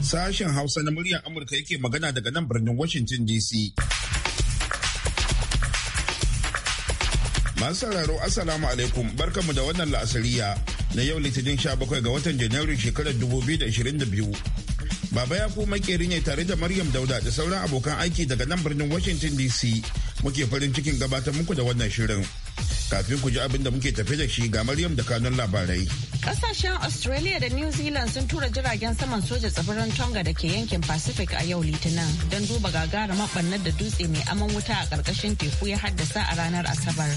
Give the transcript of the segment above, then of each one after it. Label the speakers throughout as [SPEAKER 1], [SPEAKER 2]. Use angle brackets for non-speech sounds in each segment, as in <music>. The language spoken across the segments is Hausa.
[SPEAKER 1] Sashen Hausa na muryar Amurka yake magana daga nan birnin Washington DC. Masu sauraro Assalamu alaikum barkanmu da wannan la'asariya na yau litinin 17 ga watan janairu shekarar 2022. Baba ya kuma makeri ne tare da Maryam Dauda da sauran abokan aiki daga nan birnin Washington DC muke farin cikin gabatar muku da wannan shirin. Kafin ku ji abin da muke tafe da shi ga Maryam da kanun labarai.
[SPEAKER 2] Kasashen Australia da New Zealand sun tura jiragen saman soja tsibirin Tonga da ke yankin Pacific a yau Litinin don duba gagarumin ɓannar da dutse mai aman wuta a karkashin teku ya haddasa a ranar Asabar.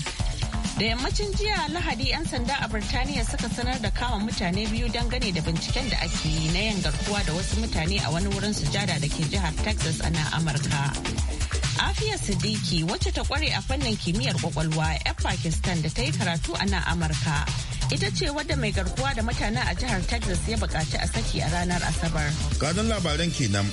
[SPEAKER 2] da yammacin jiya lahadi 'yan sanda a birtaniya suka sanar da kama mutane biyu dangane da binciken da ake yi na yin garkuwa da wasu mutane a wani wurin sujada da ke jihar texas a na amurka Afiya Siddiqui wacce ta kware a fannin kimiyyar kwakwalwa 'yan Pakistan da ta yi karatu a nan Amurka. Ita ce wadda mai garkuwa da mutane a jihar Texas ya bukaci a saki a ranar Asabar.
[SPEAKER 1] Kanin labaran kenan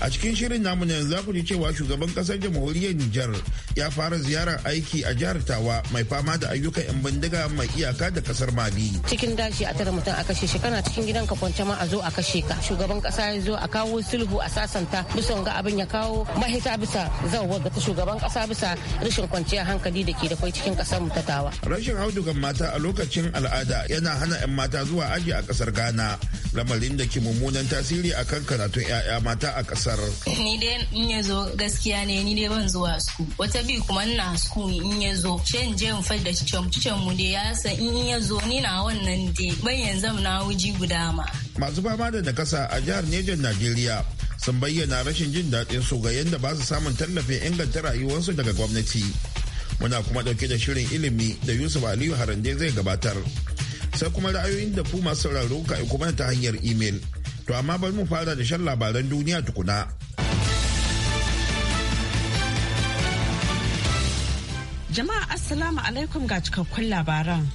[SPEAKER 1] A cikin shirin namu ne za ku ji cewa shugaban kasar jamhuriyar Nijar ya fara ziyarar aiki a jihar Tawa mai fama da ayyukan 'yan bindiga mai iyaka da kasar Mali.
[SPEAKER 3] Cikin daji a tara mutum a kashe shi kana cikin gidan ka kwance ma a zo a kashe ka. Shugaban kasa ya zo a kawo sulhu a sasanta bisan ga abin ya kawo mahita bisa zawo ga ta shugaban kasa bisa rashin kwanciyar hankali da ke da kwai cikin kasar mu ta Tawa.
[SPEAKER 1] Rashin audugan mata a lokacin al'ada yana hana 'yan mata zuwa aji a kasar Ghana. Lamarin da ke mummunan tasiri akan karatun 'ya'ya mata a kasar kasar
[SPEAKER 3] ni dai in ya zo gaskiya ne ni dai ban zuwa su. wata bi kuma ina su in ya zo shan je in fadda cicen mu dai ya san in ya zo ni na wannan dai bayan zan na wuji guda ma
[SPEAKER 1] masu fama da nakasa a jihar Neja Najeriya sun bayyana rashin jin daɗin su ga yadda ba su samun tallafin inganta rayuwarsu daga gwamnati. Muna kuma ɗauke da shirin ilimi da Yusuf Aliyu Harande zai gabatar. Sai kuma ra'ayoyin da ku masu sauraro ka kuma ta hanyar imel. To amma bari mu fara da shan labaran duniya tukuna.
[SPEAKER 2] Jama'a Assalamu alaikum ga cikakkun labaran.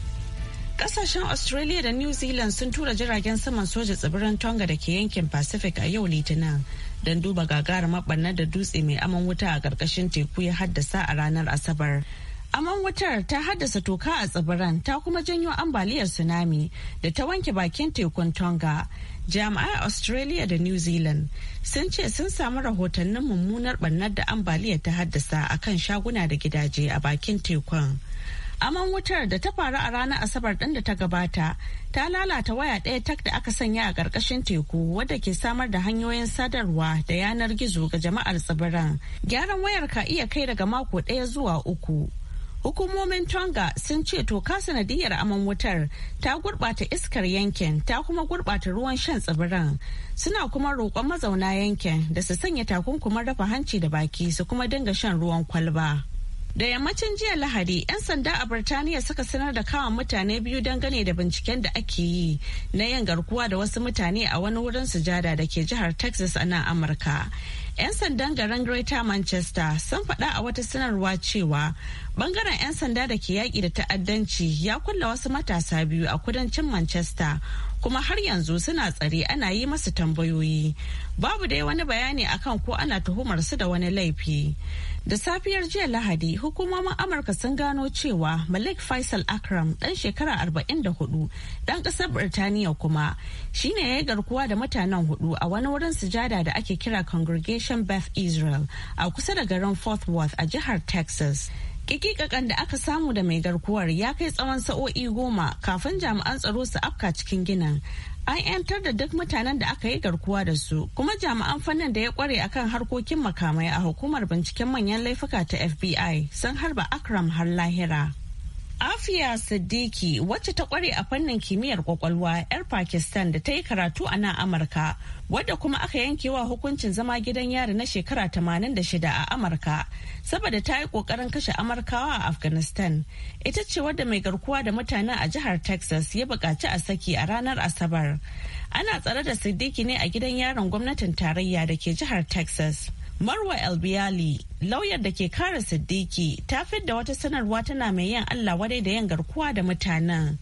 [SPEAKER 2] Kasashen Australia da New Zealand sun tura jiragen saman soja tsibirin Tonga da ke yankin Pacific a yau Litinin don duba gagarumar barnar da dutse mai aman wuta a ƙarƙashin teku ya haddasa a ranar Asabar. aman wutar ta haddasa toka a tsibiran ta kuma janyo ambaliyar tsunami da ta wanke bakin tekun tonga jami'ai australia da new zealand sun ce sun samu rahotannin mummunar barnar da ambaliya ta haddasa a kan shaguna da gidaje a bakin tekun aman wutar da ta faru a ranar asabar ɗin da ta gabata ta lalata waya ɗaya tak da aka sanya a ƙarƙashin teku wadda ke samar da hanyoyin sadarwa da yanar gizo ga jama'ar tsibiran gyaran wayar ka iya kai daga mako ɗaya zuwa uku Hukumomin Tonga sun ce toka sanadiyar aman wutar ta gurɓata iskar yankin ta kuma gurɓata ruwan shan tsibiran. Suna kuma roƙon mazauna yankin da su sanya takunkumin rafa hanci da baki su kuma dinga shan ruwan kwalba. Da yammacin jiya Lahadi, 'yan sanda a Birtaniya suka sanar da kawo mutane biyu dangane da binciken da ake yi na yin garkuwa da wasu mutane a wani wurin sujada da ke jihar Texas a nan Amurka. 'Yan sandan garin Greater Manchester sun faɗa a wata sanarwa cewa Bangaren 'yan sanda da ke yaƙi da ta'addanci ya kulla wasu matasa biyu a kudancin Manchester kuma har yanzu suna tsare ana yi masu tambayoyi. Babu dai wani bayani akan ko ana tuhumar su da wani laifi. Da safiyar jiya Lahadi, hukumomin Amurka sun gano cewa Malik Faisal Akram ɗan shekara 44 ɗan ƙasar Birtaniya kuma shine ya yi garkuwa da mutanen hudu a wani wurin sujada da ake kira Congregation Beth Israel a kusa da garin Fort Worth a jihar Texas. Kikikakan da aka samu da mai garkuwar ya kai tsawon sa'o'i goma kafin jami'an tsaro su afka cikin ginin. An 'yantar da duk mutanen da aka yi garkuwa da su, kuma jami'an fannin da ya kware akan harkokin makamai a hukumar binciken manyan laifuka ta FBI sun harba Akram har lahira. Afiya Siddiqui wacce ta kware a fannin kimiyyar kwakwalwa 'yar Pakistan da ta yi karatu a nan Amurka wadda kuma aka yanke wa hukuncin zama gidan yari na shekara 86 a Amurka saboda ta yi kokarin kashe Amurkawa a Afghanistan. Ita ce wadda mai garkuwa da mutane a jihar Texas ya buƙaci a saki a ranar Asabar. Ana tsare da Siddiqui ne a gidan yaron gwamnatin tarayya da ke jihar Texas. Marwa Elbiyali, lauyar da ke kare Siddiki, ta fidda wata sanarwa tana mai yin Allah wadai da yin garkuwa da mutanen.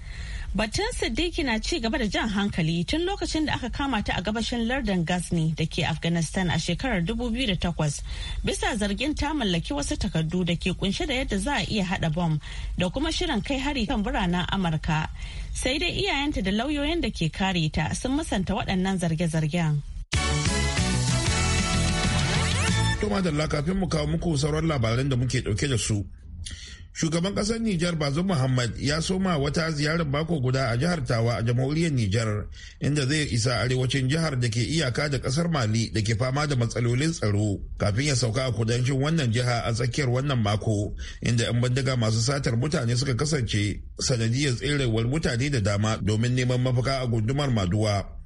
[SPEAKER 2] Batun Siddiki na ci gaba da jan hankali tun lokacin da aka kama ta a gabashin lardin Ghazni da ke Afghanistan a shekarar 2008 bisa zargin ta mallaki wasu takardu da ke kunshe da yadda za a iya hada bom da kuma shirin kai hari kan biranen Amurka. Sai dai iyayenta da lauyoyin da ke kare ta sun musanta waɗannan zarge-zargen.
[SPEAKER 1] To madalla kafin mu kawo muku sauran labaran da muke dauke da su. Shugaban kasar Nijar Bazum Muhammad ya soma wata ziyarar bako guda a jihar Tawa a jamhuriyar Nijar inda zai isa arewacin jihar da ke iyaka da kasar Mali da ke fama da matsalolin tsaro kafin ya sauka a kudancin wannan jiha a tsakiyar wannan mako inda 'yan bindiga masu satar mutane suka kasance sanadiyar tserewar mutane da dama domin neman mafaka a gundumar Maduwa.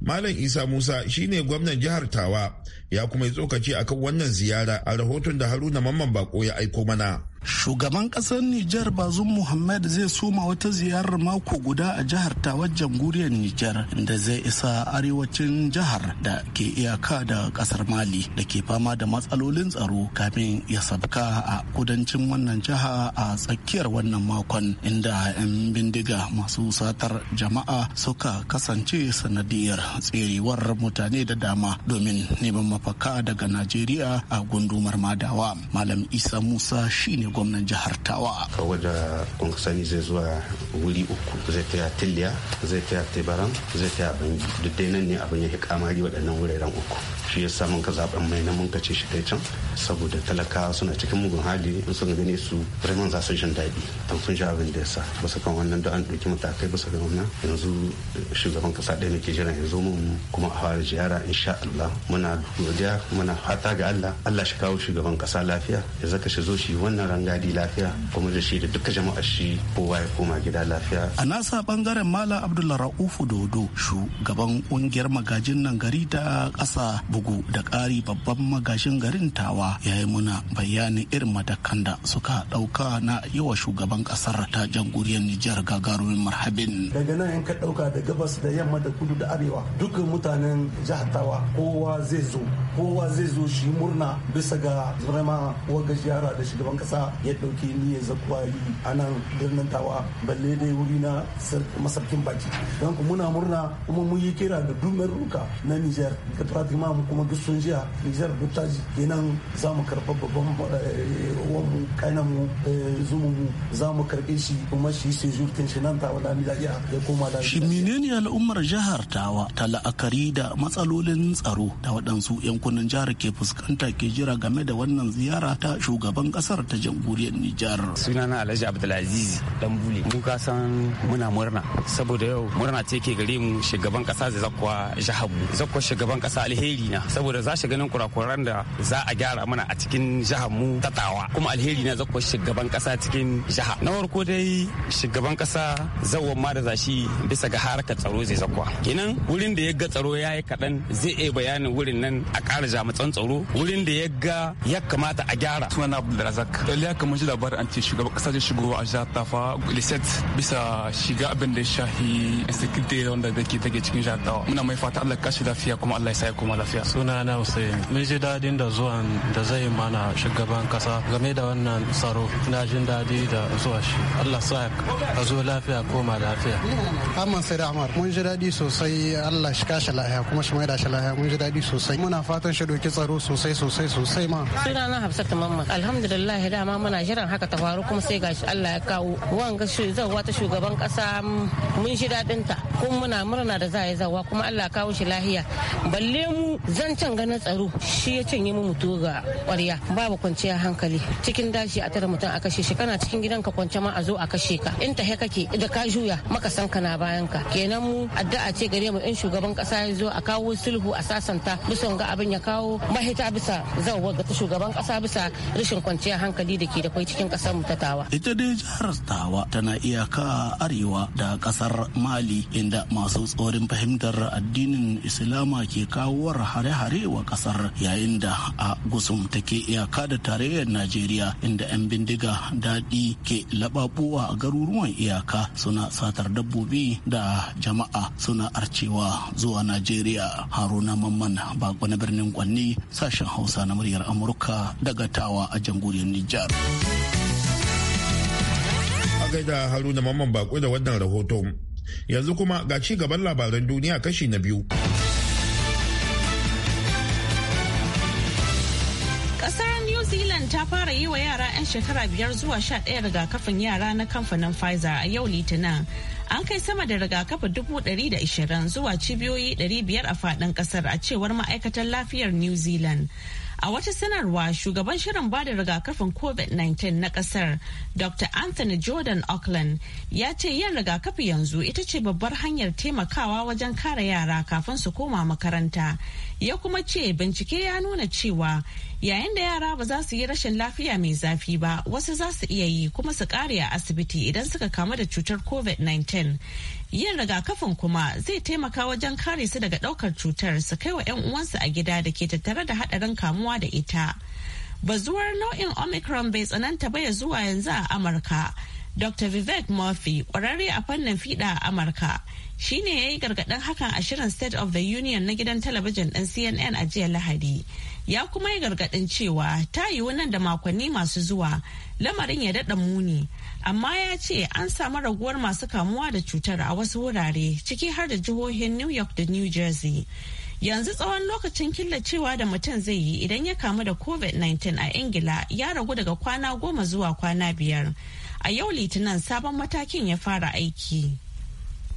[SPEAKER 1] Malam Isa Musa shine gwamnan jihar Tawa ya kuma yi tsokaci akan wannan ziyara a rahoton da Haruna Mamman Bako ya aiko mana. Shugaban ƙasar Nijar Bazum Muhammad zai
[SPEAKER 4] soma wata ziyarar mako guda a jihar ta wajen guriyar Nijar da zai isa arewacin jihar da ke iyaka da ƙasar Mali da ke fama da matsalolin tsaro kamin ya sabka a kudancin wannan jiha a tsakiyar wannan makon inda 'yan bindiga masu satar jama'a suka kasance sanadiyar tserewar mutane da dama domin neman mafaka daga Najeriya a gundumar Madawa. Malam Isa Musa shine gwamnan jihar tawa kawo da kun sani zai zuwa wuri uku zai taya tiliya zai taya tebaran zai taya bangi duk dai nan ne abin ya kamari waɗannan wuraren uku shi ya sa mun ka zaben mai na mun ka ce shi kai can saboda talakawa suna cikin mugun hali in sun gane su vraiment za su jin daɗi don sun ji abin da ya sa su kan wannan da an ɗauki matakai su ga wannan yanzu eh, shugaban kasa ɗaya ke jira ya zo mun kuma a fara ziyara insha Allah muna godiya muna fata ga Allah Allah shi kawo shugaban kasa lafiya ya zaka shi zo shi wannan an gadi lafiya kuma da shi da duka jama'a shi kowa ya koma gida lafiya a nasa bangaren mala abdullah ra'ufu dodo shugaban kungiyar magajin nan gari da kasa bugu da kari babban magajin garin tawa ya yi muna bayanin irin matakan da suka dauka na yawa shugaban kasar ta jamhuriyar nijar gagarumin marhabin daga nan in ka dauka da gabas da yamma da kudu da arewa dukkan mutanen jihar tawa kowa zai zo kowa zai zo shi murna bisa ga zama wa gajiyara da shugaban kasa ya ɗauke ni ya zakuwa yi a nan birnin tawa balle dai wuri na masarkin baki don muna murna kuma mun yi kira da dumar ruka na niger da pratima mu kuma duk sun jiya niger duk ta ji kenan za mu karɓa babban eh, mu kainan mu eh, zumun mu za mu karɓe shi kuma shi sai zurtin shi nan tawa da lafiya ya koma da shi menene al'ummar jihar tawa ta la'akari da matsalolin tsaro da waɗansu yankunan jihar ke fuskanta ke jira game da wannan ziyara ta shugaban ƙasar ta jamhuriyar jamhuriyar
[SPEAKER 5] Nijar. Sunana Alhaji Abdulaziz Dambule.
[SPEAKER 4] Mu ka san muna murna saboda yau
[SPEAKER 5] murna ce ke gare mu shugaban kasa zai zakwa jahabu. Zakwa shugaban kasa alheri na saboda za shi ganin kurakuran da za a gyara mana a cikin jihar mu tatawa kuma alheri na zakwa shugaban kasa cikin jiha. Na farko dai shugaban kasa zawon ma da zashi bisa ga harkar tsaro zai zakwa. Kenan wurin da ya ga tsaro ya yi kaɗan zai iya bayanin wurin nan a ƙara jami'an tsaro wurin da ya ga
[SPEAKER 6] ya kamata
[SPEAKER 4] a gyara. Sunana Abdulrazak. baya kamar ji labarin an ce shugaban kasa zai shigo a jihar tafa lisset bisa shiga abin da ya shahi insecurity wanda da ke cikin muna mai fata allah kashi lafiya kuma allah ya sa kuma lafiya suna na hussein mun ji dadin da zuwan da zai mana shugaban kasa game da wannan tsaro na jin dadi da zuwa shi allah sa a zo lafiya koma lafiya amma sai da amar mun ji dadi sosai allah shi kashi lafiya kuma shi mai da shi lafiya mun ji dadi sosai muna fatan shi doki tsaro sosai sosai sosai ma
[SPEAKER 3] suna na mamman alhamdulillah dama mana jiran haka ta faru kuma sai gashi Allah ya kawo wanga zauwa ta shugaban kasa mun shi daɗin ta kuma muna murna da za a yi zauwa kuma Allah ya kawo shi lahiya balle mu zancen ganin tsaro shi ya cinye mu mutu ga ƙwarya babu kwanciya hankali cikin dashi a tare mutum a kashe shi kana cikin gidan ka kwance ma a zo a kashe ka in ta kake da ka juya maka san kana bayan ka kenan mu addu'a ce gare mu in shugaban kasa ya zo a kawo sulhu a sasanta bisa ga abin ya kawo mahita bisa zauwa ga ta shugaban kasa bisa rashin kwanciya hankali da ke da kwai cikin kasar mu ta tawa
[SPEAKER 4] ita dai jihar tawa tana iyaka arewa da kasar mali inda masu tsorin fahimtar addinin islama ke kawo hare-hare wa kasar yayin da a gusum ta iyaka da tarayyar najeriya inda 'yan bindiga daɗi ke laɓaɓuwa a garuruwan iyaka suna satar dabbobi da jama'a suna arcewa zuwa najeriya haruna mamman bako na birnin kwanni sashen hausa na muryar amurka daga
[SPEAKER 1] tawa a jamhuriyar nijar a gaida haruna mamman bako da wannan rahoton yanzu kuma ga ci gaban labaran duniya kashi na biyu
[SPEAKER 2] ta fara yi wa yara 'yan shekara biyar zuwa sha ɗaya rigakafin yara na kamfanin Pfizer a yau Litinin. An kai sama da rigakafi dubu ɗari da ashirin zuwa cibiyoyi ɗari biyar a faɗin ƙasar a cewar ma'aikatar lafiyar New Zealand. A wata sanarwa shugaban shirin bada rigakafin COVID-19 na kasar Dr. Anthony Jordan Auckland ya ce yin rigakafi yanzu ita ce babbar hanyar taimakawa wajen kare yara kafin su koma makaranta. Ya kuma ce bincike ya nuna cewa yayin da yara ba za su yi rashin lafiya mai zafi ba wasu za su iya yi kuma su kare a asibiti idan suka kamu da cutar COVID-19. Yin rigakafin kuma zai taimaka wajen kare su daga daukar cutar su kai wa 'yan uwansu a gida da ke tattare da hadarin kamuwa da ita. Bazuwar nau'in Omicron bai tsananta ba ya zuwa yanzu a Amurka. Dr. Vivek Murphy, kwararre a fannin fiɗa a Amurka, shi ne ya yi gargadin hakan a shirin State of the Union na gidan talabijin ɗin CNN a jiya Lahadi. Ya kuma yi gargadin cewa ta yiwu nan da makonni masu zuwa, lamarin ya daɗa muni. amma ya ce an samu raguwar masu kamuwa da cutar a wasu wurare ciki har da jihohin new york da new jersey yanzu tsawon lokacin killacewa da mutum zai yi idan ya kamu da covid-19 a ingila ya ragu daga kwana goma zuwa kwana biyar a yau litinin sabon matakin ya fara aiki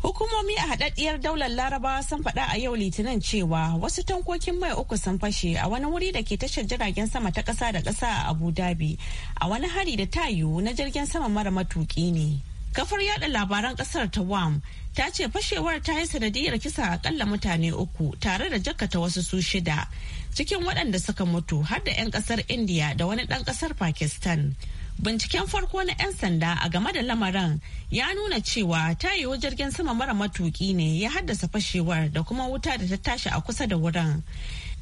[SPEAKER 2] Hukumomi a haɗaɗɗiyar daular Larabawa sun faɗa a yau Litinin cewa wasu tankokin mai uku sun fashe a wani wuri da ke tashar jiragen sama ta ƙasa da ƙasa a Abu Dhabi a wani hari da ta yiwu na jirgin sama mara matuƙi ne. Kafar yada labaran ƙasar ta WAM ta ce fashewar ta yi sanadiyar kisa akalla mutane uku tare da jakkata wasu su shida cikin waɗanda suka mutu har da 'yan ƙasar India da wani ɗan ƙasar Pakistan. Binciken farko na 'yan sanda a game da lamarin ya nuna cewa ta yiwu jirgin sama mara matuki ne ya haddasa fashewar da kuma wuta da ta tashi a kusa da wurin.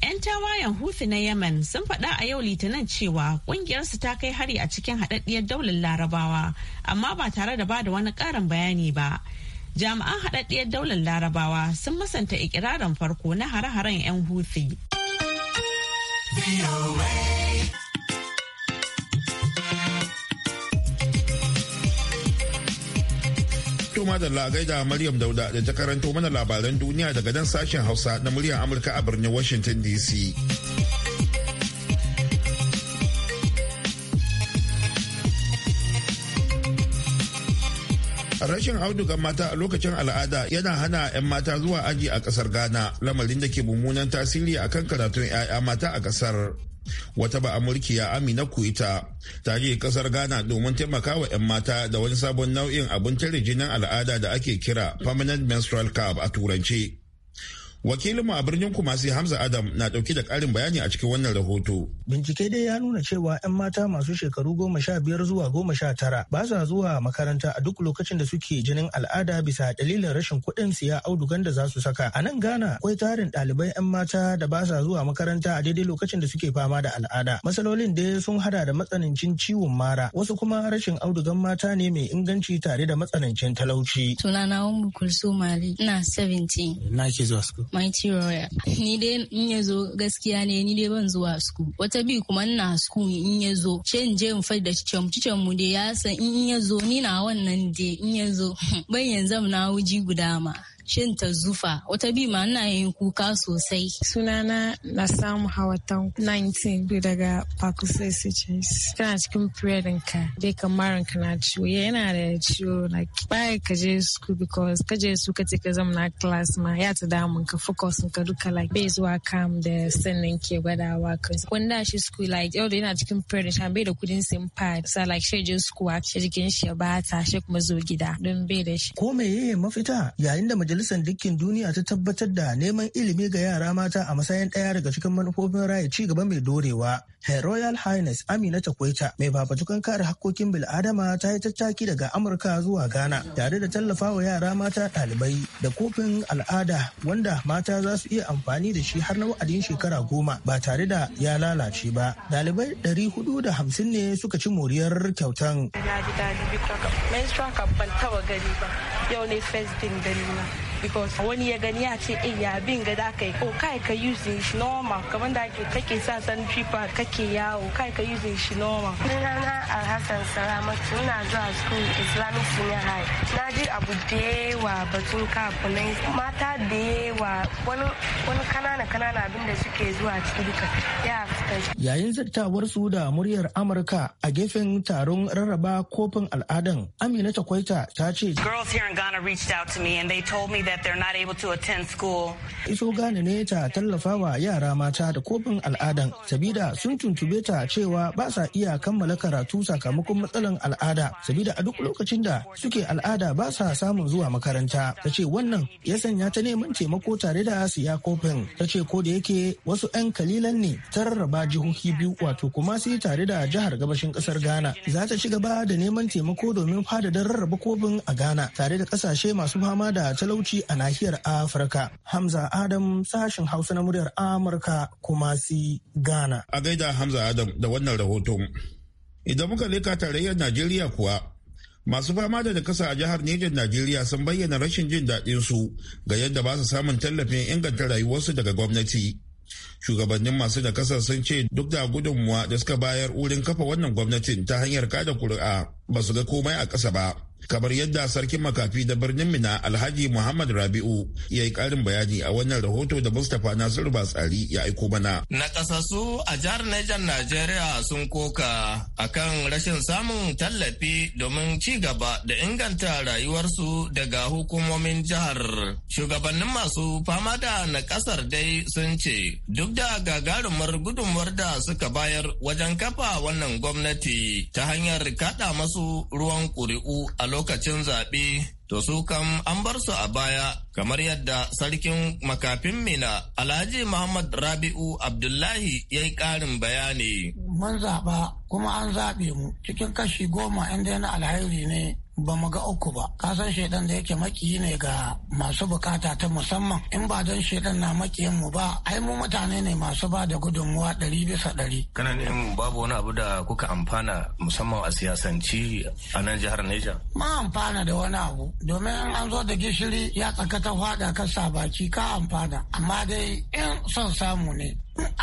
[SPEAKER 2] 'Yan tawayen Huthi na Yemen sun faɗa a yau Litinin cewa ƙungiyarsu ta kai hari a cikin haɗaɗɗiyar daular Larabawa, amma ba tare da ba da wani ƙarin bayani ba. Jami'an haɗaɗɗiyar daular Larabawa sun musanta ikirarin farko na hare-haren 'yan Huthi.
[SPEAKER 1] To da gaida Maryam Dauda da ta karanto mana labaran duniya daga nan sashen Hausa na muryar Amurka a birnin Washington DC. rashin audugan mata a lokacin al'ada yana hana 'yan mata zuwa aji a kasar ghana lamarin da ke mummunan tasiri akan karatun 'ya'ya mata a kasar wata ba amurkiya amina kuita ta je kasar ghana domin taimaka wa 'yan mata da wani sabon nau'in abin tare jinin al'ada da ake kira permanent menstrual cup a turance wakilinmu a birnin kumasi hamza adam na dauke da karin bayani a cikin wannan rahoto
[SPEAKER 6] bincike dai ya nuna cewa 'yan mata masu shekaru goma sha biyar zuwa goma sha tara ba sa zuwa makaranta a duk lokacin da suke jinin al'ada bisa dalilin rashin kuɗin siya audugan da za su saka a nan ghana akwai tarin ɗalibai 'yan mata da ba sa zuwa makaranta a daidai lokacin da suke fama da al'ada matsalolin dai sun hada da matsanancin ciwon mara wasu kuma rashin audugan mata ne mai inganci tare da matsanancin talauci
[SPEAKER 3] sunana kulsu Mali? ina 17 na ke zuwa Mighty Royal. Ni dai in ya zo gaskiya ne ni dai ban zuwa sku Wata bi kuma ina sku in ya zo. Ce je in fadi da cicen mu dai ya san in ya zo ni na wannan dai in ya zo. <laughs> Ban yanzu na wuji guda ma. shin ta zufa wata bi ma ina yin kuka sosai sunana na samu hawatan 19 daga pakusai sitches tana cikin prayer ka dai kamar ka na ciwo yana da ciwo like baya ka je school because ka je su ka ce ka zama na class ma ya ta damun ka focus ka duka like bai zuwa kam da sannan ke gwadawa ka wanda shi school like yau da yana cikin prayer sha bai da kudin sin pad sa like shi je school a jikin shi ya bata shi kuma zo gida don bai da shi
[SPEAKER 6] ko me yayin mafita yayin da majalisar dukkin duniya ta tabbatar da neman ilimi ga yara mata a matsayin ɗaya daga cikin manufofin raya ci gaba mai dorewa. Her Royal Highness Amina Takwaita mai fafatukan kare hakkokin bil'adama ta yi tattaki daga Amurka zuwa Ghana tare da tallafawa yara mata ɗalibai da kofin al'ada wanda mata za su iya amfani da shi har na wa'adin shekara goma ba tare da ya lalace ba. Ɗalibai ɗari hudu da hamsin ne suka ci moriyar kyautan.
[SPEAKER 2] Na yau ne first din gani because wani ya gani ya ce eh, ya bin ga da kai ko
[SPEAKER 3] kai ka using shi normal kamar da ke kake sa san fifa kake yawo kai ka using shi normal sunana alhassan salama ina zuwa school islamic senior high na ji abu da yawa batun kafinai mata da yawa wani kanana kanana abin da suke zuwa ciki duka ya
[SPEAKER 6] yayin zartawar su da muryar amurka a gefen taron rarraba kofin al'adan amina takwaita ta ce
[SPEAKER 2] girls here in ghana reached out to me and they told me that that they're not able to attend school.
[SPEAKER 6] Iso gane ne ta tallafawa yara mata da kofin al'adan sabida sun tuntube ta cewa ba sa iya kammala karatu sakamakon matsalan al'ada sabida a duk lokacin da suke al'ada ba sa samun zuwa makaranta ta ce wannan ya sanya ta neman taimako tare da siya kofin ta ce ko da yake wasu 'yan kalilan ne ta rarraba jihohi biyu wato kuma sai tare da jihar gabashin kasar ghana za ta ci gaba da neman taimako domin fadadar rarraba kofin a ghana tare da kasashe masu fama da talauci a nahiyar Afirka. Hamza Adam sashen Hausa na muryar Amurka kuma si Ghana.
[SPEAKER 1] A gaida Hamza Adam da wannan rahoton. Idan muka leka tarayyar Najeriya kuwa masu fama da nakasa a jihar Nijar Najeriya sun bayyana rashin jin daɗin su ga yadda ba su samun tallafin inganta rayuwarsu daga gwamnati. Shugabannin masu nakasa sun ce duk da gudunmuwa da suka bayar wurin kafa wannan gwamnatin ta hanyar kada kuri'a ba su ga komai a ƙasa ba. kamar yadda sarkin makafi da birnin mina alhaji muhammad rabi'u ya yi karin bayani a wannan rahoto da mustapha nasiru batsari ya aiko mana
[SPEAKER 7] na kasasu a jihar niger najeriya sun koka akan rashin samun tallafi domin ci gaba da inganta rayuwarsu daga hukumomin jihar shugabannin masu fama da na kasar dai sun ce duk da gagarumar gudunmuwar da suka bayar wajen kafa wannan gwamnati ta hanyar kada masu ruwan ƙuri'u a lokacin zaɓe to su kam an bar su a baya kamar yadda sarkin makafin mina alhaji muhammad rabi'u abdullahi ya yi ƙarin bayani.
[SPEAKER 8] mun zaɓa kuma an zaɓe mu cikin kashi goma inda yana alhairi ne ba mu ga uku ba kasan shaidan da yake makiyi ne ga masu bukata ta musamman in ba don shaidan na makiyin mu ba ai mu mutane ne masu ba da gudunmuwa ɗari bisa ɗari.
[SPEAKER 7] kana ne babu wani abu da kuka amfana musamman a siyasanci a nan jihar neja.
[SPEAKER 8] ma amfana da wani abu domin an zo da gishiri ya tsaka ta fada ka sa baki ka amfana amma dai in son samu ne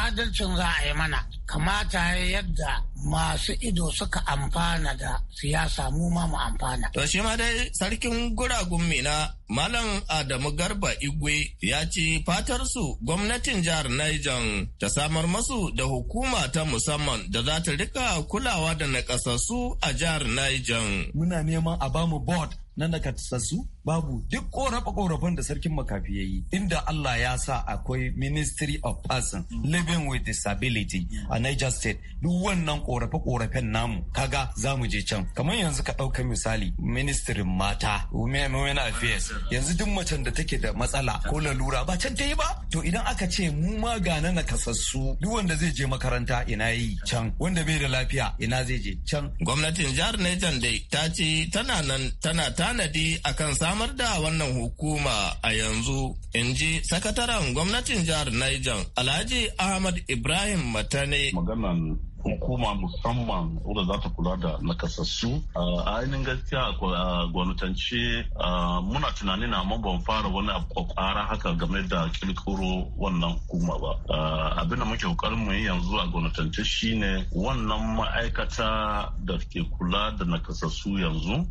[SPEAKER 8] adalcin za a yi mana kamata ya yadda masu ido suka amfana da siyasa mu ma mu amfana. To shi ma dai sarkin
[SPEAKER 7] guragun mina Malam Adamu Garba Igwe ya ce fatarsu gwamnatin jihar Niger ta samar masu da hukuma ta musamman da za ta rika kulawa da nakasassu a jihar Niger.
[SPEAKER 5] Muna neman a bamu board na nakasassu babu duk korafa korafin da sarkin makafi ya yi inda Allah ya sa akwai ministry of person living with disability a Niger state duk wannan korafa korafen namu kaga za mu je can kamar yanzu ka ɗauka misali ministry mata women affairs yanzu duk macen da take da matsala ko lalura ba can ta yi ba to idan aka ce mu ma ga na kasassu duk wanda zai je makaranta ina yi can wanda bai da lafiya
[SPEAKER 7] ina zai je can gwamnatin jihar Niger dai ta ce tana nan tana tanadi akan samun samar da wannan hukuma a yanzu in ji sakataren gwamnatin jihar Niger Alhaji Ahmad Ibrahim Matane. Maganan hukuma musamman
[SPEAKER 4] wadda za ta kula da nakasassu a ainihin gaskiya a gwamnatance muna tunani na mabon fara wani kwakwara haka game da kirkiro wannan hukuma ba abinda muke kokarin mu yi yanzu a gwamnatance shine wannan ma'aikata da ke kula da nakasassu yanzu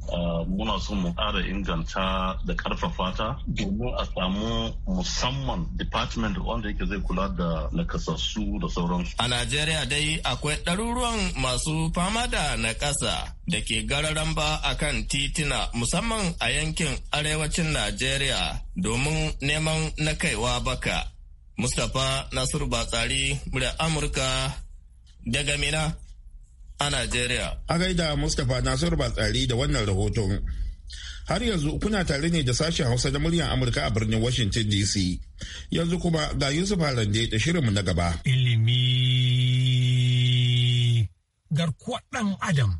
[SPEAKER 4] muna son mu kara inganta da karfafa ta domin a samu musamman department wanda yake zai kula da nakasassu da sauransu
[SPEAKER 7] a najeriya dai akwai ɗaruruwan masu fama da naƙasa da ke gararan ba a kan titina musamman a yankin arewacin Najeriya domin neman na kaiwa baka. Mustapha Nasiru Batsari, murya Amurka daga Mina a Najeriya.
[SPEAKER 1] A gaida Mustapha Nasiru Batsari da wannan rahoton. Har yanzu kuna tare ne da sashen Hausa da muryar Amurka a birnin Washington DC. Yanzu kuma ga Yusuf Harande da shirinmu na gaba. Ilimi
[SPEAKER 8] garkuwar ɗan adam.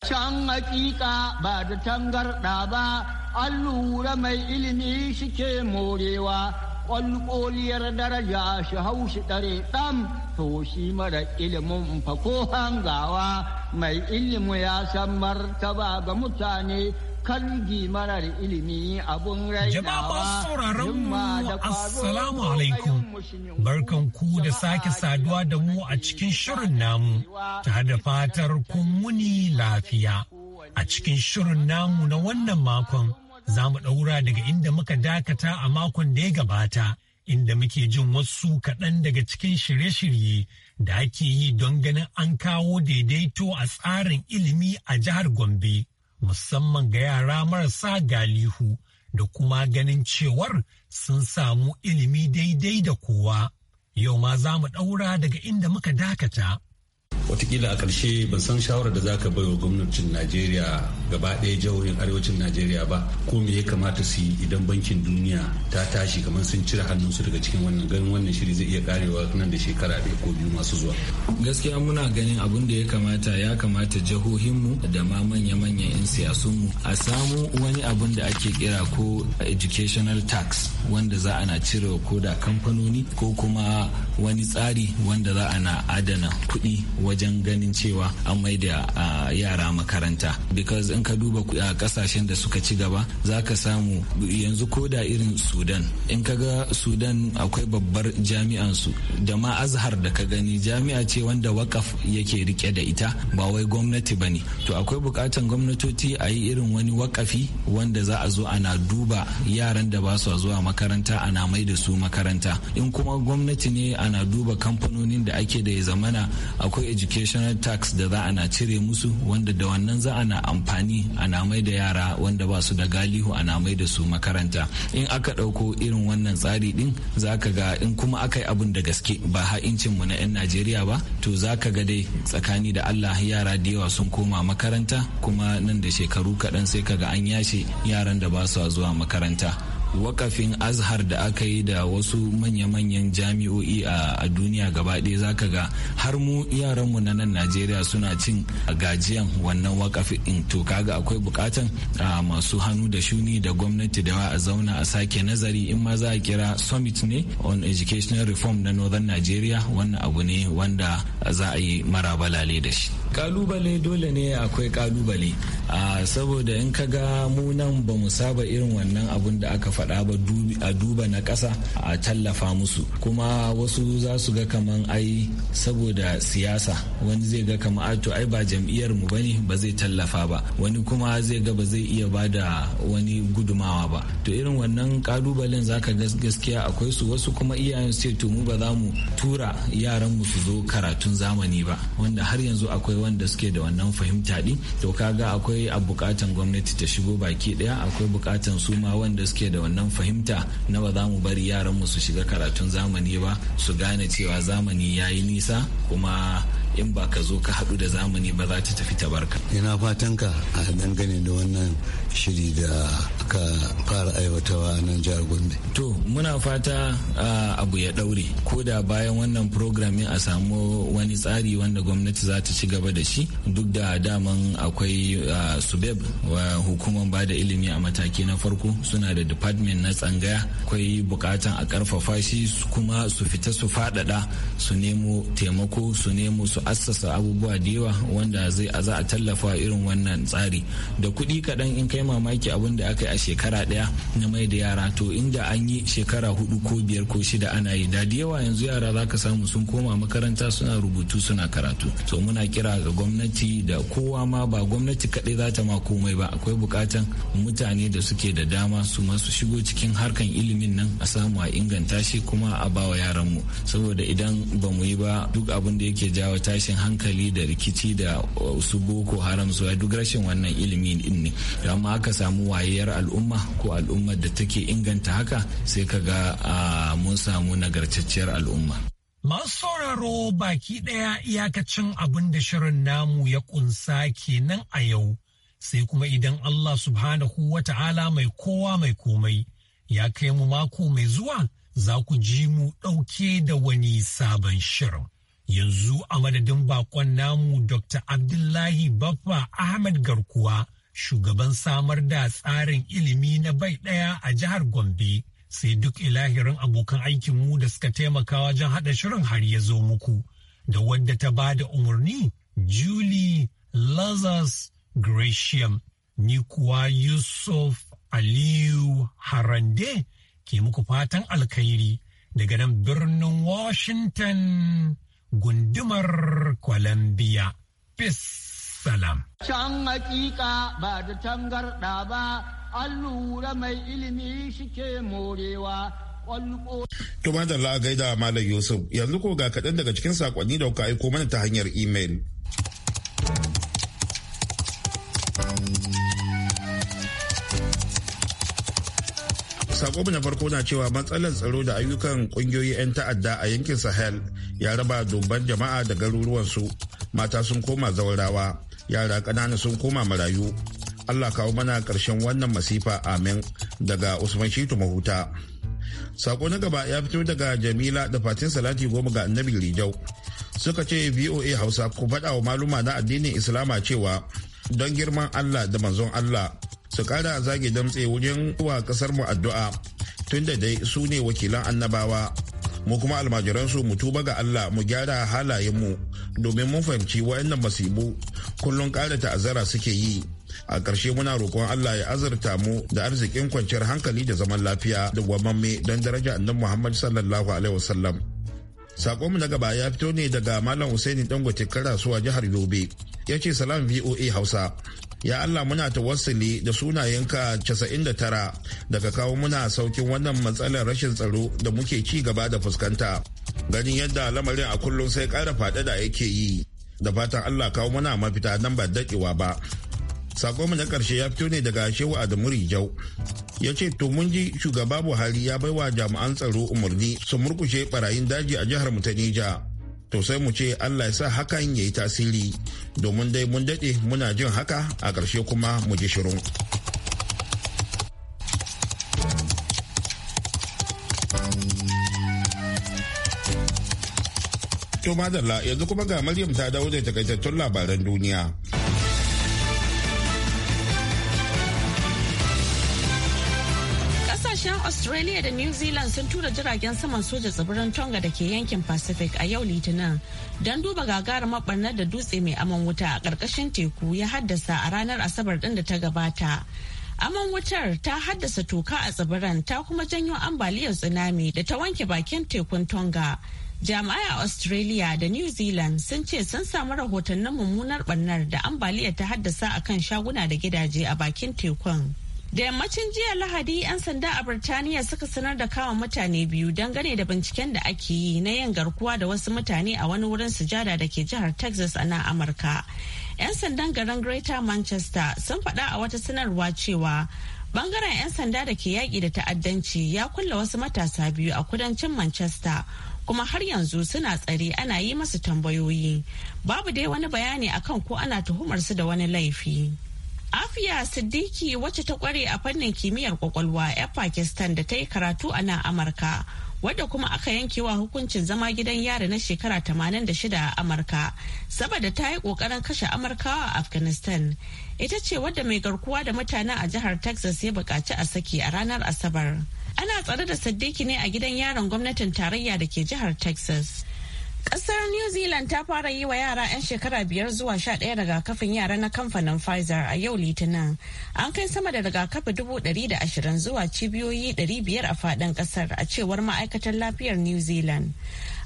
[SPEAKER 6] Can hakika ba da tangarɗa ba, an lura mai ilimi shike morewa, ƙwalƙoliyar daraja shi haushi shi ɗare ɗan, to shi mara ilimin fako hangawa, mai ilimi ya san martaba ga mutane kalgi marar ilimi abun rainawa. Jama'a masu assalamu alaikum.
[SPEAKER 8] Barkan ku da sake saduwa da mu a cikin shirin namu ta da fatar kun muni lafiya. A cikin shirin namu na wannan makon za mu ɗaura daga inda muka dakata a makon da ya gabata. Inda muke jin wasu kaɗan daga cikin shirye-shirye da ake yi don ganin an kawo daidaito a tsarin ilimi a jihar Gombe. musamman ga yara marasa galihu da kuma ganin cewar sun samu ilimi daidai da kowa. Yau ma za mu ɗaura daga inda muka dakata
[SPEAKER 5] watakila a ƙarshe ban san shawarar da zaka bai wa gwamnatin najeriya gaba ɗaya jihohin arewacin najeriya ba ko me ya kamata su yi idan bankin duniya ta tashi kamar sun cire hannunsu daga cikin wannan ganin wannan shiri zai iya karewa nan da shekara ɗaya ko biyu masu zuwa gaskiya muna ganin abun da ya kamata ya kamata jihohinmu da ma manya-manyan 'yan siyasunmu a samu wani abun da ake kira ko educational tax wanda za ana cirewa ko da kamfanoni ko kuma wani tsari wanda za a na adana kuɗi wajen ganin cewa an maida yara makaranta because in ka duba a kasashen da suka ci gaba za ka samu yanzu ko da irin sudan in ka ga sudan akwai babbar jami'ansu da ma azhar da ka gani jami'a ce wanda wakaf yake rike da ita ba wai gwamnati ba ne to akwai bukatan gwamnatoci a yi irin wani wakafi wanda za a zo ana duba yaran da ba su zuwa makaranta ana mai da su makaranta in kuma gwamnati ne ana duba kamfanonin da ake da ya zamana akwai educational tax da za ana cire musu wanda da wannan za ana amfani ana mai da yara wanda ba su da galihu ana mai da su makaranta in aka ɗauko irin wannan tsari din za ka ga in kuma aka yi abun da gaske ba mu na 'yan najeriya ba to za ka ga dai tsakani da allah yara da yawa sun koma makaranta kuma nan da shekaru kaɗan sai ka ga an yashe yaran da ba su zuwa makaranta wakafin azhar da aka yi da wasu manya-manyan jami'o'i a duniya gaba ɗaya ka ga har mu yaranmu na nan najeriya suna cin gajiyan wannan wakafin to kaga akwai bukatan masu hannu da shuni da gwamnati da a zauna a sake nazari in ma za a kira summit ne on educational reform na northern nigeria wannan abu ne wanda za a yi marabalale da shi kalubale dole ne akwai kalubale saboda in ka ga mu nan ba mu saba irin wannan abun da aka faɗa faɗa ba a duba na ƙasa a tallafa musu kuma wasu za su ga kaman ai saboda siyasa wani zai ga kamar a to ai ba jam'iyyar mu bane ba zai tallafa ba wani kuma zai ga ba zai iya ba da wani gudumawa ba to irin wannan kalubalen ka gaskiya akwai su wasu kuma iyayen sai to mu ba za mu tura yaran mu su zo karatun zamani ba wanda har yanzu akwai wanda suke da wannan fahimta din to kaga akwai a bukatan gwamnati ta shigo baki daya akwai bukatan su ma wanda suke da wannan fahimta na ba za mu bari yaranmu su shiga karatun zamani ba su gane cewa zamani ya yi nisa kuma in ba ka zo ka haɗu da zamani ba za ta tafi tabarka. ina fatan ka a dangane da wannan shiri da aka fara aiwatawa nan jihar gombe. to muna fata abu ya ɗaure ko da bayan wannan program a samu wani tsari wanda gwamnati za ta ci gaba da shi duk da daman akwai subeb wa hukumar ba da ilimi a mataki na farko suna da department na tsangaya akwai bukatan a karfafa shi kuma su fita su faɗaɗa su nemo taimako su nemo su assasa abubuwa da yawa wanda zai a za a tallafa irin wannan tsari da kuɗi kaɗan in kai mamaki abin da aka yi a shekara ɗaya na mai da yara to inda an yi shekara hudu ko biyar ko shida ana yi da da yawa yanzu yara za ka samu sun koma makaranta suna rubutu suna karatu to muna kira ga gwamnati da kowa ma ba gwamnati kaɗai za ta ma komai ba akwai bukatan mutane da suke da dama su masu shigo cikin harkan ilimin nan a samu a inganta shi kuma a bawa yaranmu saboda idan ba mu yi ba duk abin da yake jawo ta tashin hankali da rikici da uh, su boko haram su duk rashin wannan ilimi din ne amma aka samu wayar al'umma ko al'ummar da take inganta haka sai ka ga uh, mun samu nagartacciyar al'umma
[SPEAKER 8] Masu sauraro baki ɗaya iyakacin abin da shirin namu ya kunsa kenan a yau, sai kuma idan Allah subhanahu wa ta'ala mai kowa mai komai ya kai mu mako mai zuwa za ku ji mu ɗauke da wani sabon shirin. yanzu a madadin bakon namu dr abdullahi baffa Ahmed garkuwa shugaban samar da tsarin ilimi na bai ɗaya a jihar gombe sai duk ilahirin abokan aikinmu da suka taimaka wajen haɗa shirin har ya zo muku da wadda ta ba da umarni julie lazarus gratiam ni kuwa yusuf aliyu harande ke muku fatan alkhairi daga nan birnin washington gundumar Columbia. Peace
[SPEAKER 6] salam. Can hakika ba da tangarda ba, an lura mai ilimi shike morewa. To
[SPEAKER 1] da gaida Malam Yusuf, yanzu ko ga kaɗan daga cikin saƙonni da kuka aiko mana ta hanyar imel. Sako na farko na cewa matsalar tsaro da ayyukan kungiyoyi 'yan ta'adda a yankin Sahel ya raba dubban jama'a da garuruwansu. Mata sun koma zaurawa, yara ƙanana sun koma marayu. Allah kawo mana karshen wannan masifa amin daga Usman Shitu Mahuta. Sako na gaba ya fito daga Jamila da Fatin Salati goma ga Annabi Rijau. Suka ce VOA Hausa ku faɗa wa maluma na addinin Islama cewa don girman Allah da manzon Allah su kara zage damtse wajen zuwa kasar mu addu'a tunda dai su ne wakilan annabawa mu kuma almajiransu mu tuba ga Allah mu gyara halayenmu domin mun fahimci wayannan masibu kullum kara ta'azzara suke yi a ƙarshe muna roƙon Allah ya azurta mu da arzikin kwanciyar hankali da zaman lafiya da gwamamme don daraja annabi Muhammad sallallahu alaihi wasallam sakon mu na gaba ya fito ne daga Malam Usaini Dangote Karasuwa jihar Yobe ya ce salam VOA Hausa ya Allah muna ta wasali da sunayenka 99 daga kawo muna saukin wannan matsalar rashin tsaro da muke ci gaba da fuskanta ganin yadda lamarin a kullum sai ƙara da yake yi da fatan Allah kawo muna mafita nan ba daɗewa ba sako mu na ƙarshe ya fito ne daga shehu adamu rijau ya ce to mun ji shugaba buhari ya baiwa jami'an tsaro umarni su murkushe barayin daji a jihar mu ta nija to sai mu ce allah ya sa hakan ya yi tasiri domin dai mun daɗe muna jin haka a ƙarshe kuma mu ji shirin to madalla yanzu kuma ga maryam ta dawo da takaitattun labaran duniya
[SPEAKER 2] Australia da New Zealand sun tura jiragen saman soja tsibirin Tonga da ke yankin Pacific a yau Litinin don duba gagarumar barnar da dutse mai aman wuta a ƙarƙashin teku ya haddasa a ranar Asabar ɗin da ta gabata. Aman wutar ta haddasa toka a tsibirin ta kuma janyo ambaliyar tsunami da ta wanke bakin tekun Tonga. Jami'ai a Australia da New Zealand sun ce sun samu rahotannin mummunar barnar da ambaliyar ta haddasa akan shaguna da gidaje a bakin tekun. Da yammacin jiya Lahadi 'yan sanda a Birtaniya suka sanar da kama mutane biyu gane da binciken da ake yi na yin garkuwa da wasu mutane a wani wurin sujada da ke jihar Texas a nan Amurka. 'Yan sandan garin Greater Manchester sun faɗa a wata sanarwa cewa bangaren 'yan sanda da ke yaƙi da ta'addanci ya kulla wasu matasa biyu a kudancin Manchester kuma har yanzu suna tsare ana yi masu tambayoyi. Babu dai wani bayani akan ko ana tuhumar su da wani laifi. Afiya Siddiki wacce ta kware a fannin kimiyyar kwakwalwa 'yan Pakistan da ta yi karatu a nan Amurka. wadda kuma aka yanke wa hukuncin zama gidan yari na shekara 86 a amurka saboda ta yi kokarin kashe amurkawa a afghanistan ita ce wadda mai garkuwa da mutane a jihar texas ya buƙaci a saki a ranar asabar ana tsare da Siddiki ne a gidan yaron gwamnatin tarayya da ke jihar texas Ƙasar New Zealand ta fara yi wa yara 'yan shekara biyar zuwa sha ɗaya rigakafin yara na kamfanin Pfizer a yau Litinin. An kai sama da rigakafi dubu ɗari da ashirin zuwa cibiyoyi ɗari biyar a faɗin ƙasar a cewar ma'aikatar lafiyar New Zealand.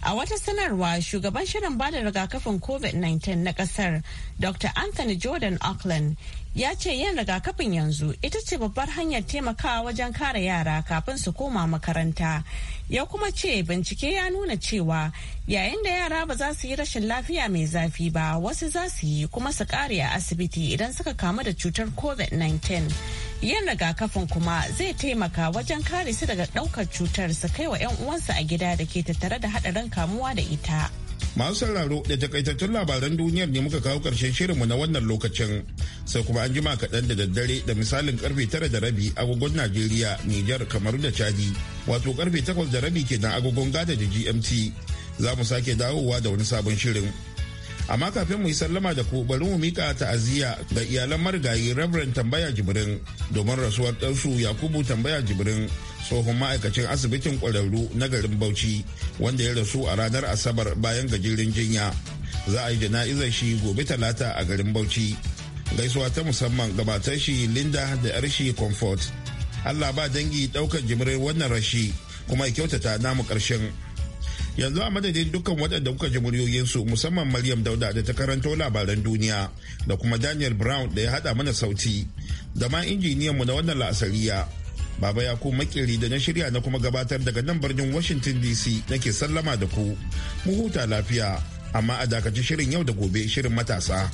[SPEAKER 2] A wata sanarwa shugaban shirin bada rigakafin COVID-19 na ƙasar Dr. Anthony Jordan Auckland ya ce yin rigakafin yanzu ita ce babbar hanyar taimakawa wajen kare yara kafin su koma makaranta ya kuma ce bincike ya nuna cewa yayin da yara ba za su yi rashin lafiya mai zafi ba wasu za su yi kuma su kare a asibiti idan suka kamu da cutar covid-19 yin rigakafin kuma zai taimaka wajen kare su daga daukar cutar su kai wa 'yan uwansu a gida da ke tattare da haɗarin kamuwa da ita.
[SPEAKER 1] Masu sauraro da takaitattun labaran duniyar ne muka kawo ƙarshen shirinmu na wannan lokacin. Sai kuma an jima kaɗan da daddare da misalin karfe tara da rabi agogon Najeriya, Nijar, kamar da Chadi. Wato karfe takwas da rabi ke kenan agogon Gada da GMT. Za mu sake dawowa da wani sabon shirin. Amma kafin mu yi sallama da ku bari mu mika ta'aziyya ga iyalan marigayi Reverend Tambaya Jibrin domin rasuwar ɗansu Yakubu Tambaya Jibrin tsohon ma'aikacin asibitin kwararru na garin bauchi wanda ya rasu a ranar asabar bayan gajeren jinya za a yi jana'izar shi gobe talata a garin bauchi gaisuwa ta musamman gabatar shi linda da yar shi comfort allah ba dangi ɗaukar jimirai wannan rashi kuma ya kyautata namu ƙarshen yanzu a madadin dukkan waɗanda kuka ji muryoyinsu musamman maryam dauda da ta karanto labaran duniya da kuma daniel brown da ya haɗa mana sauti da ma injiniyanmu na wannan la'asariya Baba ya ku makiri da na shirya na kuma gabatar daga nan birnin Washington DC nake sallama da ku. Mu huta lafiya, amma a dakaci shirin yau da gobe shirin matasa.